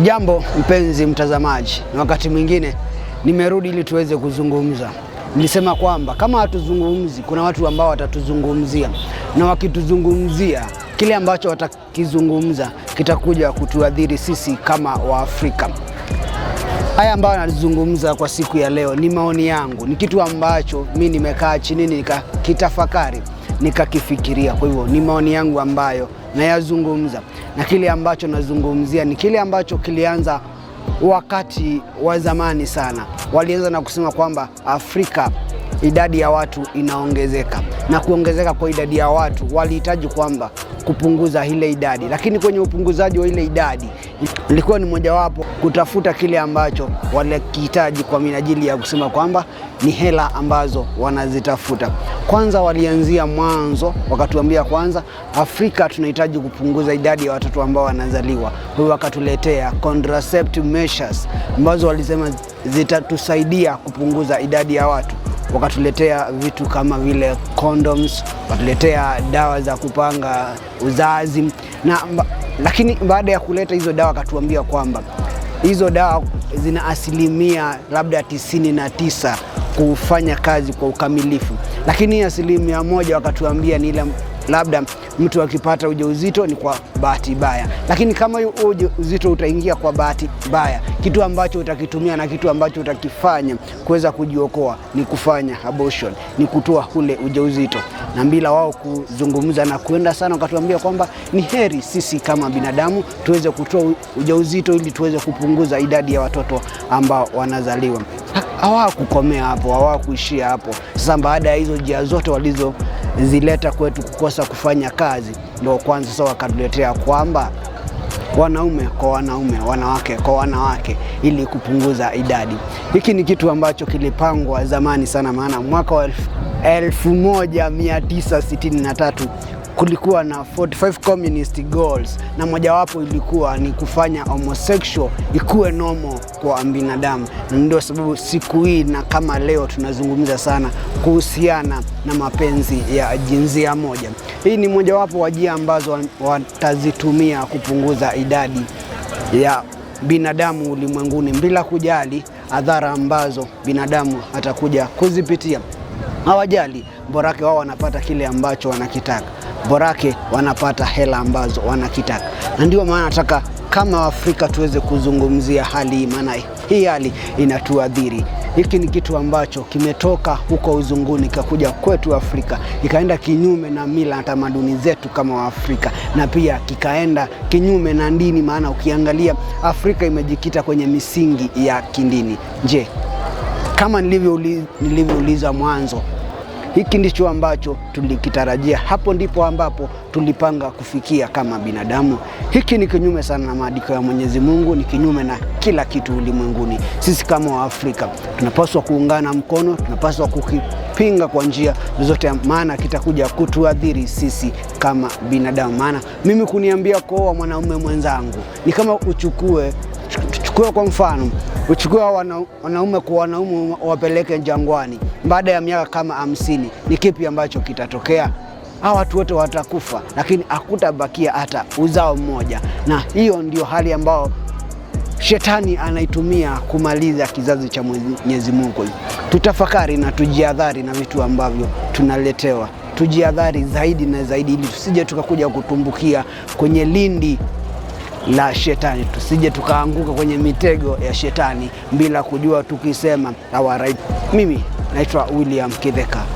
Jambo mpenzi mtazamaji, na wakati mwingine nimerudi ili tuweze kuzungumza. Nilisema kwamba kama hatuzungumzi, kuna watu ambao watatuzungumzia, na wakituzungumzia, kile ambacho watakizungumza kitakuja kutuadhiri sisi kama Waafrika. Haya ambayo nalizungumza kwa siku ya leo ni maoni yangu, ni kitu ambacho mi nimekaa chini nikakitafakari nikakifikiria. Kwa hivyo ni maoni yangu ambayo nayazungumza, na kile ambacho nazungumzia ni kile ambacho kilianza wakati wa zamani sana. Walianza na kusema kwamba Afrika idadi ya watu inaongezeka, na kuongezeka kwa idadi ya watu walihitaji kwamba kupunguza ile idadi, lakini kwenye upunguzaji wa ile idadi ilikuwa ni mojawapo kutafuta kile ambacho walikihitaji kwa minajili ya kusema kwamba ni hela ambazo wanazitafuta. Kwanza walianzia mwanzo, wakatuambia kwanza, Afrika tunahitaji kupunguza idadi ya watoto ambao wanazaliwa. Kwa wakatuletea contraceptive measures ambazo walisema zitatusaidia kupunguza idadi ya watu wakatuletea vitu kama vile condoms, wakatuletea dawa za kupanga uzazi na, lakini baada ya kuleta hizo dawa akatuambia kwamba hizo dawa zina asilimia labda tisini na tisa kufanya kazi kwa ukamilifu, lakini asilimia moja wakatuambia ni ile labda mtu akipata ujauzito ni kwa bahati mbaya, lakini kama huo ujauzito utaingia kwa bahati mbaya, kitu ambacho utakitumia na kitu ambacho utakifanya kuweza kujiokoa ni kufanya abortion, ni kutoa ule ujauzito. Na bila wao kuzungumza na kuenda sana, wakatuambia kwamba ni heri sisi kama binadamu tuweze kutoa ujauzito ili tuweze kupunguza idadi ya watoto ambao wanazaliwa. Hawakukomea hapo, hawakuishia hapo. Sasa baada ya hizo njia zote walizo zileta kwetu kukosa kufanya kazi, ndio kwanza sasa wakatuletea kwamba wanaume kwa wanaume, wanawake kwa wanawake, ili kupunguza idadi. Hiki ni kitu ambacho kilipangwa zamani sana, maana mwaka wa 1963 kulikuwa na 45 communist goals, na mojawapo ilikuwa ni kufanya homosexual ikuwe normal kwa binadamu, na ndio sababu siku hii na kama leo tunazungumza sana kuhusiana na mapenzi ya jinsia moja. Hii ni mojawapo wa njia ambazo watazitumia kupunguza idadi ya binadamu ulimwenguni bila kujali adhara ambazo binadamu atakuja kuzipitia. Hawajali, borake wao wanapata kile ambacho wanakitaka borake wanapata hela ambazo wanakitaka, na ndio maana nataka kama Afrika tuweze kuzungumzia hali hii, maana hii hali inatuadhiri. Hiki ni kitu ambacho kimetoka huko uzunguni kikakuja kwetu Afrika, kikaenda kinyume na mila na tamaduni zetu kama Waafrika, na pia kikaenda kinyume na dini, maana ukiangalia Afrika imejikita kwenye misingi ya kindini Je, kama nilivyouliza mwanzo hiki ndicho ambacho tulikitarajia, hapo ndipo ambapo tulipanga kufikia kama binadamu. Hiki ni kinyume sana na maandiko ya Mwenyezi Mungu, ni kinyume na kila kitu ulimwenguni. Sisi kama Waafrika tunapaswa kuungana mkono, tunapaswa kukipinga kwa njia zozote, maana kitakuja kutuadhiri sisi kama binadamu. Maana mimi kuniambia kuoa mwanaume mwenzangu ni kama uchukue chukua kwa mfano, uchukue wanaume kwa wanaume wapeleke jangwani baada ya miaka kama hamsini, ni kipi ambacho kitatokea? Hawa watu wote watakufa, lakini hakutabakia hata uzao mmoja, na hiyo ndio hali ambayo shetani anaitumia kumaliza kizazi cha Mwenyezi Mungu. Tutafakari na tujiadhari na vitu ambavyo tunaletewa, tujiadhari zaidi na zaidi, ili tusije tukakuja kutumbukia kwenye lindi la shetani, tusije tukaanguka kwenye mitego ya shetani bila kujua, tukisema hawarai. Mimi naitwa William Kidheka.